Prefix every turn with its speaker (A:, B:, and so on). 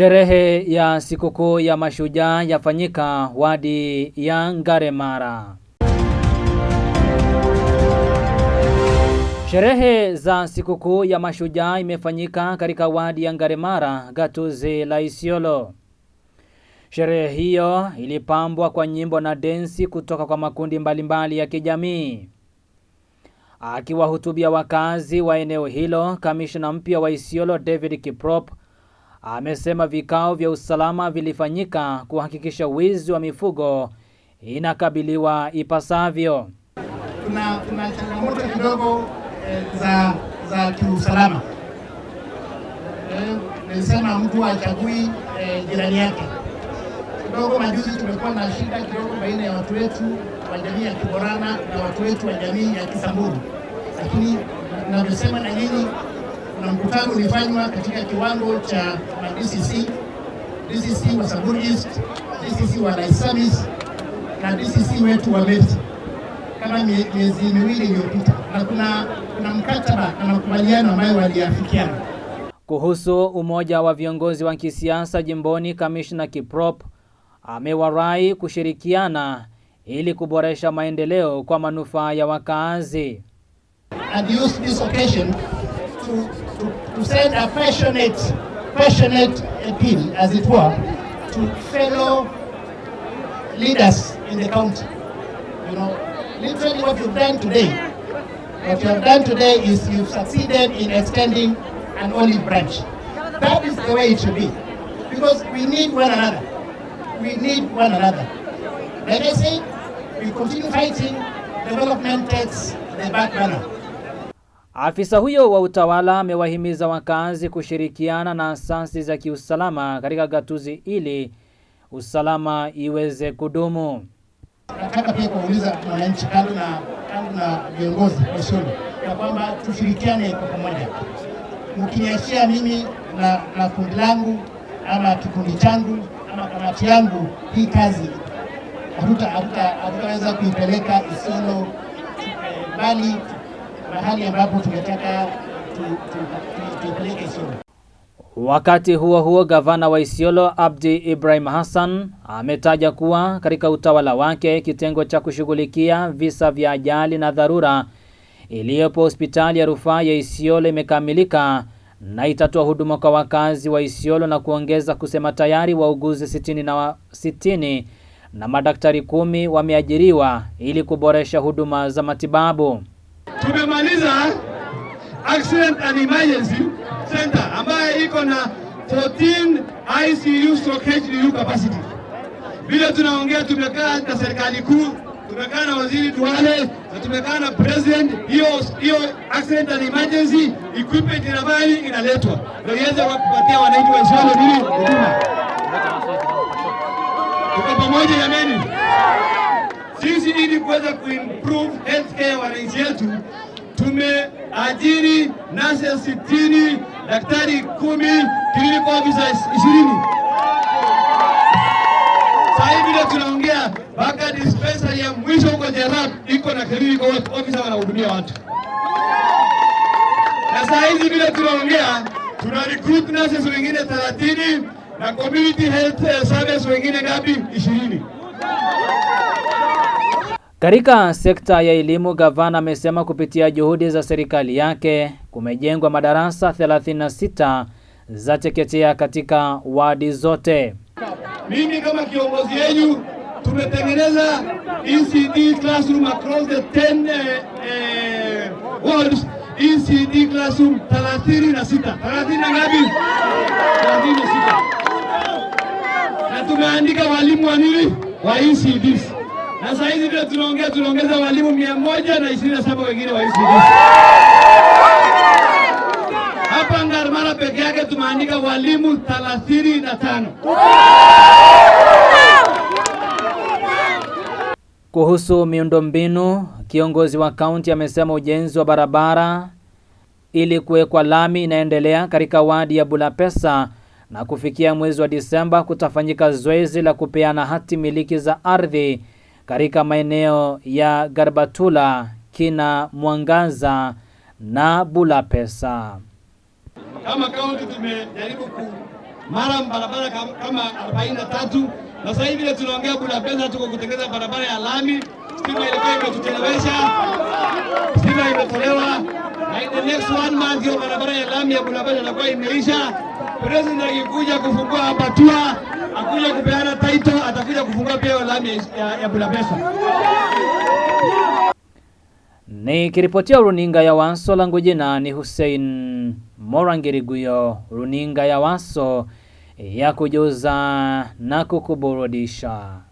A: Sherehe ya sikukuu ya mashujaa yafanyika wadi ya Ngaremara. Sherehe za sikukuu ya mashujaa imefanyika katika wadi ya Ngaremara, gatuzi la Isiolo. Sherehe hiyo ilipambwa kwa nyimbo na densi kutoka kwa makundi mbalimbali ya kijamii. Akiwahutubia wakazi wa eneo hilo, kamishna mpya wa Isiolo David Kiprop amesema vikao vya usalama vilifanyika kuhakikisha wizi wa mifugo inakabiliwa ipasavyo.
B: Kuna, kuna changamoto kidogo eh, za, za kiusalama eh, nilisema mtu achagui eh, jirani yake kidogo. Majuzi tumekuwa na shida kidogo baina ya watu wetu wa jamii ya Kiborana na watu wetu wa jamii ya Kisamburu, lakini navyosema na nyinyi kuna mkutano ulifanywa katika kiwango cha DCC, DCC wa Samburu East, DCC wa Naisamis na DCC wetu wa Mefti kama miezi miwili iliyopita, na kuna, kuna mkataba na makubaliano ambayo waliafikiana
A: kuhusu umoja wa viongozi wa kisiasa jimboni. Kamishna Kiprop amewarai kushirikiana ili kuboresha maendeleo kwa manufaa ya wakaazi.
C: to send a passionate, passionate appeal, as it were, to fellow leaders in the county. You know, literally what you've done today, what you have done today is you've succeeded in extending an olive branch. That is the way it should be. Because we need one another. We need one another. Like I say, we continue fighting, development takes the back burner.
A: Afisa huyo wa utawala amewahimiza wakazi kushirikiana na asasi za kiusalama katika gatuzi ili usalama iweze kudumu.
B: Nataka pia kuuliza wananchi kando na viongozi shule na kwamba tushirikiane kwa pamoja. Ukiniachia mimi na, na kundi langu ama kikundi changu ama kamati yangu, hii kazi hatutaweza kuipeleka Isiolo mbali. Eh, mahali ambapo tunataka tuipeleke Isiolo.
A: Wakati huo huo, gavana wa Isiolo Abdi Ibrahim Hassan ametaja kuwa katika utawala wake kitengo cha kushughulikia visa vya ajali na dharura iliyopo hospitali ya rufaa ya Isiolo imekamilika na itatoa huduma kwa wakazi wa Isiolo na kuongeza kusema tayari wauguzi sitini na, wa, sitini na madaktari kumi wameajiriwa ili kuboresha huduma za matibabu.
D: Tumema Accident and Emergency Center ambaye iko na 14 ICU stroke HDU capacity. Vile tunaongea tumekaa na serikali kuu, tumekaa na waziri Duale na tumekaa na president. Hiyo hiyo accident and emergency equipment inabali inaletwa ndio iweze kupatia wananchi wa Isiolo nini huduma. Tuko pamoja jamani, sisi ili kuweza kuimprove healthcare wananchi wetu tumeajiri nasi sitini, daktari kumi, kilini kwa visa ishirini. Sasa hivi ndio tunaongea mpaka dispensari ya mwisho huko Jeraha iko na kilini kliniki ofisa wanahudumia watu, na saa hivi vile tunaongea tuna recruit nurses wengine 30 na community health service wengine ngapi? 20.
A: Katika sekta ya elimu, gavana amesema kupitia juhudi za serikali yake kumejengwa madarasa 36 za chekechea katika wadi zote.
E: Mimi kama kiongozi wenu tumetengeneza ECD classroom across the 10 eh, eh, wards ECD classroom 36. 30 na ngapi? 36. Na tumeandika walimu wa nini? Wa ECDs na sasa hivi ndio tunaongea, tunaongeza walimu mia moja na ishirini na saba wengine wa ECD. Hapa Ndarmara peke yake tumeandika walimu thelathini na tano.
A: Kuhusu miundombinu, kiongozi wa kaunti amesema ujenzi wa barabara ili kuwekwa lami inaendelea katika wadi ya Bulapesa na kufikia mwezi wa Disemba kutafanyika zoezi la kupeana hati miliki za ardhi katika maeneo ya Garbatula, Kina Mwangaza na Bulapesa.
F: Kama kaunti tumejaribu ku mara barabara kama 43 na sasa hivi tunaongea Bulapesa, tuko kutengeneza barabara ya lami. Stima ilikuwa imetuchelewesha, stima imetolewa, na in the next one month hiyo barabara ya lami ya Bulapesa itakuwa imeisha. President akikuja kufungua hapatua dhambi ya bila pesa.
A: Nikiripotia runinga ya Waso langu jina ni Hussein Morangiriguyo, runinga ya Waso ya kujuza na kukuburudisha.